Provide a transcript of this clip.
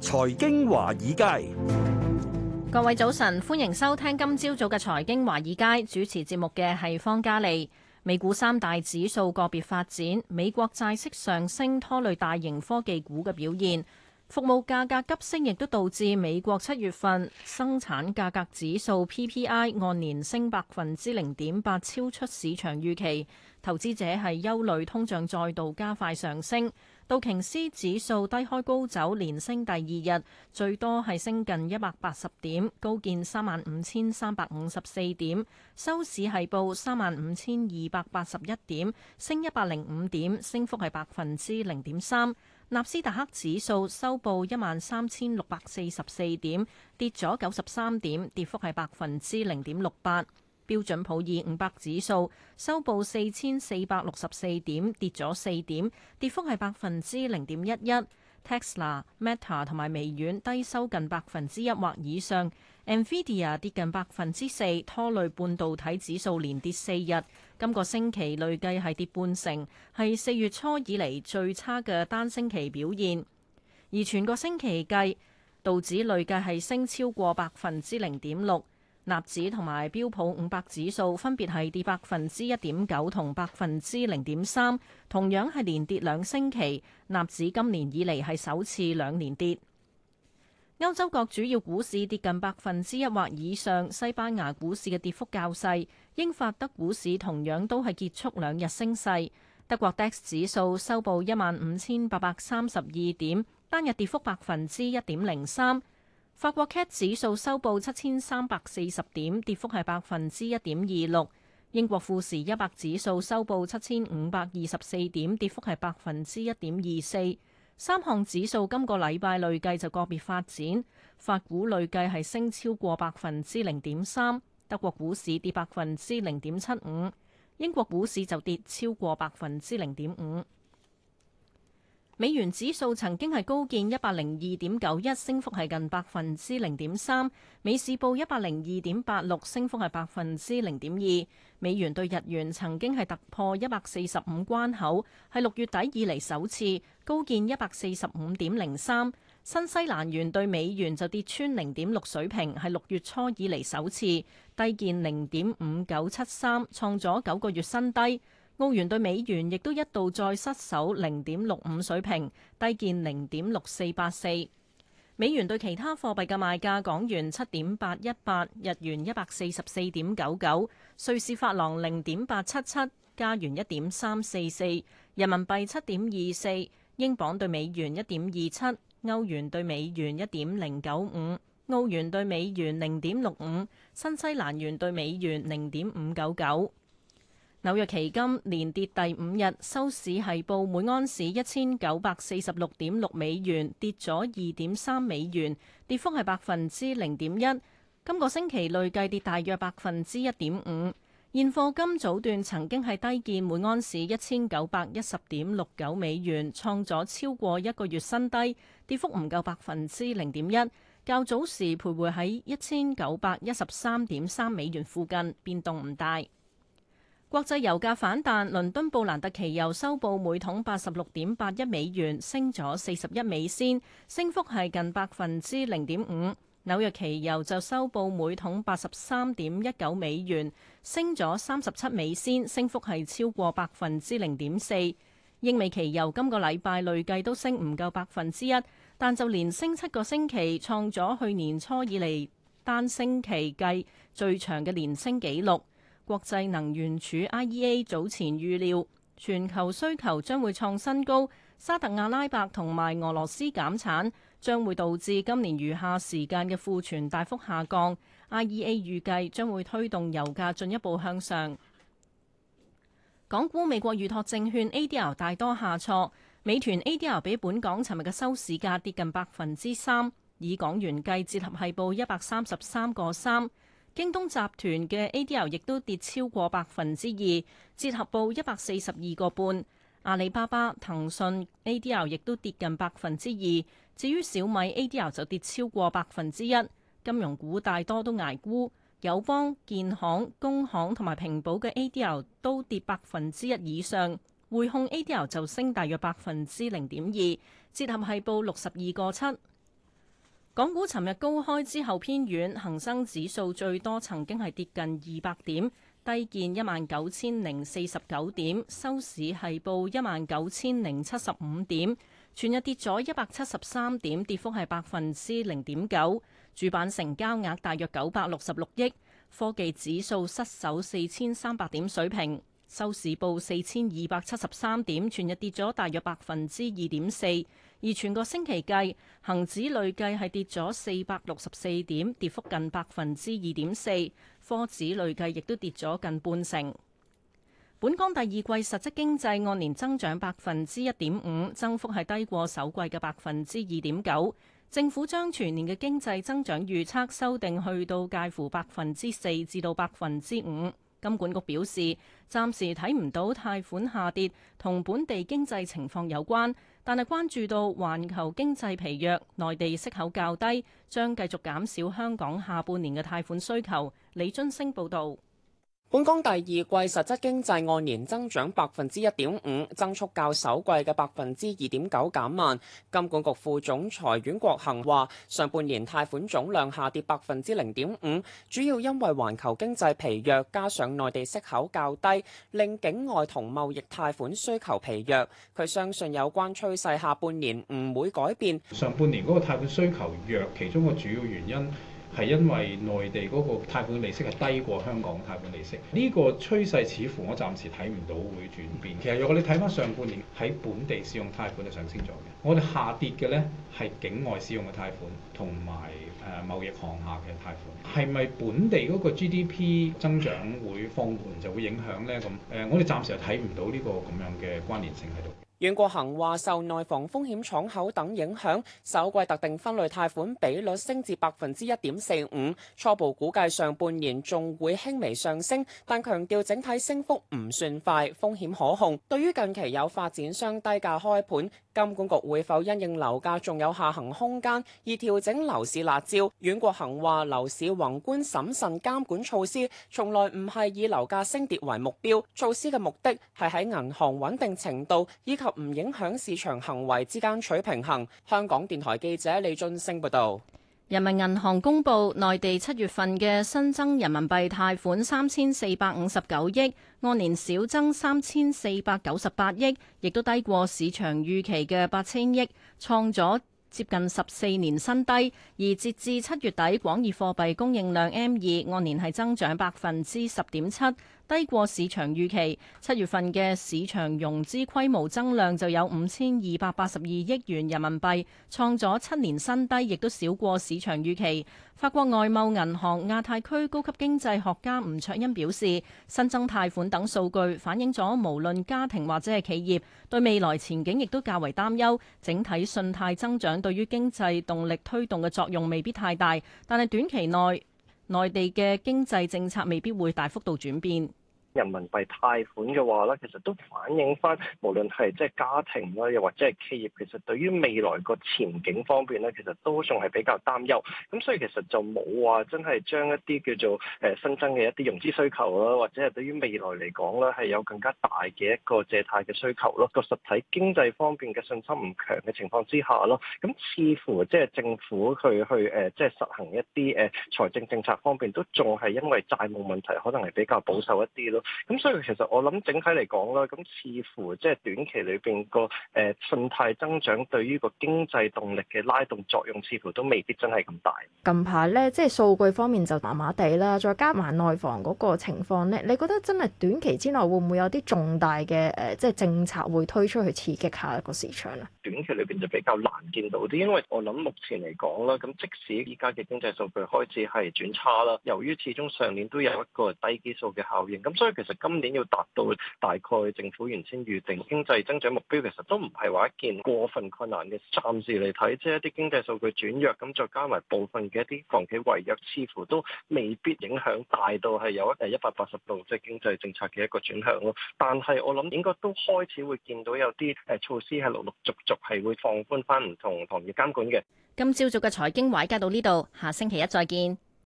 財經華爾街，各位早晨，歡迎收聽今朝早嘅財經華爾街。主持節目嘅係方嘉利。美股三大指數個別發展，美國債息上升拖累大型科技股嘅表現，服務價格急升，亦都導致美國七月份生產價格指數 PPI 按年升百分之零點八，超出市場預期。投資者係憂慮通脹再度加快上升。道瓊斯指數低開高走，連升第二日，最多係升近一百八十點，高見三萬五千三百五十四點，收市係報三萬五千二百八十一點，升一百零五點，升幅係百分之零點三。納斯達克指數收報一萬三千六百四十四點，跌咗九十三點，跌幅係百分之零點六八。標準普爾五百指數收報四千四百六十四點，跌咗四點，跌幅係百分之零點一一。Tesla、Meta 同埋微軟低收近百分之一或以上。Nvidia 跌近百分之四，拖累半導體指數連跌四日。今個星期累計係跌半成，係四月初以嚟最差嘅單星期表現。而全個星期計，道指累計係升超過百分之零點六。納指同埋標普五百指數分別係跌百分之一點九同百分之零點三，同樣係連跌兩星期。納指今年以嚟係首次兩年跌。歐洲各主要股市跌近百分之一或以上，西班牙股市嘅跌幅較細。英法德股市同樣都係結束兩日升勢。德國 DAX 指數收報一萬五千八百三十二點，單日跌幅百分之一點零三。法國 CAC 指數收報七千三百四十點，跌幅係百分之一點二六。英國富時一百指數收報七千五百二十四點，跌幅係百分之一點二四。三項指數今個禮拜累計就個別發展，法股累計係升超過百分之零點三，德國股市跌百分之零點七五，英國股市就跌超過百分之零點五。美元指數曾經係高見一百零二點九一，升幅係近百分之零點三。美市報一百零二點八六，升幅係百分之零點二。美元對日元曾經係突破一百四十五關口，係六月底以嚟首次高見一百四十五點零三。新西蘭元對美元就跌穿零點六水平，係六月初以嚟首次低見零點五九七三，創咗九個月新低。澳元對美元亦都一度再失守零點六五水平，低見零點六四八四。美元對其他貨幣嘅賣價：港元七點八一八，日元一百四十四點九九，瑞士法郎零點八七七，加元一點三四四，人民幣七點二四，英鎊對美元一點二七，歐元對美元一點零九五，澳元對美元零點六五，新西蘭元對美元零點五九九。紐約期金連跌第五日，收市係報每安士一千九百四十六點六美元，跌咗二點三美元，跌幅係百分之零點一。今個星期累計跌大約百分之一點五。現貨金早段曾經係低見每安士一千九百一十點六九美元，創咗超過一個月新低，跌幅唔夠百分之零點一。較早時徘徊喺一千九百一十三點三美元附近，變動唔大。國際油價反彈，倫敦布蘭特期油收報每桶八十六點八一美元，升咗四十一美仙，升幅係近百分之零點五。紐約期油就收報每桶八十三點一九美元，升咗三十七美仙，升幅係超過百分之零點四。英美期油今個禮拜累計都升唔夠百分之一，但就連升七個星期，創咗去年初以嚟單星期計最長嘅連升紀錄。國際能源署 IEA 早前預料，全球需求將會創新高，沙特阿拉伯同埋俄羅斯減產，將會導致今年餘下時間嘅庫存大幅下降。IEA 預計將會推動油價進一步向上。港股美國預託證券 ADR 大多下挫，美團 ADR 比本港尋日嘅收市價跌近百分之三，以港元計，折合係報一百三十三個三。京東集團嘅 ADR 亦都跌超過百分之二，折合報一百四十二個半。阿里巴巴、騰訊 ADR 亦都跌近百分之二。至於小米 ADR 就跌超過百分之一。金融股大多都捱沽，友邦、建行、工行同埋平保嘅 ADR 都跌百分之一以上。匯控 ADR 就升大約百分之零點二，折合係報六十二個七。港股尋日高開之後偏軟，恒生指數最多曾經係跌近二百點，低見一萬九千零四十九點，收市係報一萬九千零七十五點，全日跌咗一百七十三點，跌幅係百分之零點九。主板成交額大約九百六十六億，科技指數失守四千三百點水平，收市報四千二百七十三點，全日跌咗大約百分之二點四。而全個星期計，恒指累計係跌咗四百六十四點，跌幅近百分之二點四；科指累計亦都跌咗近半成。本港第二季實質經濟按年增長百分之一點五，增幅係低過首季嘅百分之二點九。政府將全年嘅經濟增長預測修訂去到介乎百分之四至到百分之五。金管局表示，暫時睇唔到貸款下跌同本地經濟情況有關。但係關注到環球經濟疲弱，內地息口較低，將繼續減少香港下半年嘅貸款需求。李津升報導。本港第二季實質經濟按年增長百分之一點五，增速較首季嘅百分之二點九減慢。金管局副總裁阮國恒話，上半年貸款總量下跌百分之零點五，主要因為環球經濟疲弱，加上內地息口較低，令境外同貿易貸款需求疲弱。佢相信有關趨勢下半年唔會改變。上半年嗰個貸款需求弱，其中個主要原因，係因為內地嗰個貸款利息係低過香港貸款利息，呢個趨勢似乎我暫時睇唔到會轉變。其實如果你睇返上半年喺本地使用貸款就上升咗嘅，我哋下跌嘅呢，係境外使用嘅貸款同埋誒貿易項下嘅貸款，係咪本地嗰個 GDP 增長會放緩就會影響呢？咁誒，我哋暫時係睇唔到呢個咁樣嘅關聯性喺度。阮國恒話：受內房風險敞口等影響，首季特定分類貸款比率升至百分之一點四五，初步估計上半年仲會輕微上升，但強調整體升幅唔算快，風險可控。對於近期有發展商低價開盤，金管局會否因應樓價仲有下行空間而調整樓市辣招？阮國恒話：樓市宏觀審慎監管措施從來唔係以樓價升跌為目標，措施嘅目的係喺銀行穩定程度以及唔影響市場行為之間取平衡。香港電台記者李進升報道：人民銀行公布內地七月份嘅新增人民幣貸款三千四百五十九億，按年少增三千四百九十八億，亦都低過市場預期嘅八千億，創咗接近十四年新低。而截至七月底，廣義貨幣供應量 M2 按年係增長百分之十點七。低過市場預期，七月份嘅市場融資規模增量就有五千二百八十二億元人民幣，創咗七年新低，亦都少過市場預期。法國外貿銀行亞太區高級經濟學家吳卓恩表示，新增貸款等數據反映咗，無論家庭或者係企業對未來前景亦都較為擔憂。整體信貸增長對於經濟動力推動嘅作用未必太大，但係短期內內地嘅經濟政策未必會大幅度轉變。人民幣貸款嘅話咧，其實都反映翻，無論係即係家庭啦，又或者係企業，其實對於未來個前景方面咧，其實都仲係比較擔憂。咁所以其實就冇話真係將一啲叫做誒新增嘅一啲融資需求啦，或者係對於未來嚟講咧係有更加大嘅一個借貸嘅需求咯。個實體經濟方面嘅信心唔強嘅情況之下咯，咁似乎即係政府去去誒即係實行一啲誒財政政策方面，都仲係因為債務問題，可能係比較保守一啲咯。咁所以其實我諗整體嚟講啦，咁似乎即係短期裏邊個誒信貸增長對於個經濟動力嘅拉動作用，似乎都未必真係咁大。近排咧，即係數據方面就麻麻地啦，再加埋內房嗰個情況咧，你覺得真係短期之內會唔會有啲重大嘅誒即係政策會推出去刺激一下一個市場啊？短期裏邊就比較難見到啲，因為我諗目前嚟講啦，咁即使依家嘅經濟數據開始係轉差啦，由於始終上年都有一個低基數嘅效應，咁所以。其實今年要達到大概政府原先預定經濟增長目標，其實都唔係話一件過分困難嘅。暫時嚟睇，即係一啲經濟數據轉弱，咁再加埋部分嘅一啲房企違約，似乎都未必影響大到係有一誒一百八十度即係、就是、經濟政策嘅一個轉向咯。但係我諗應該都開始會見到有啲誒措施係陸陸續續係會放寬翻唔同行業監管嘅。今朝早嘅財經華爾街到呢度，下星期一再見。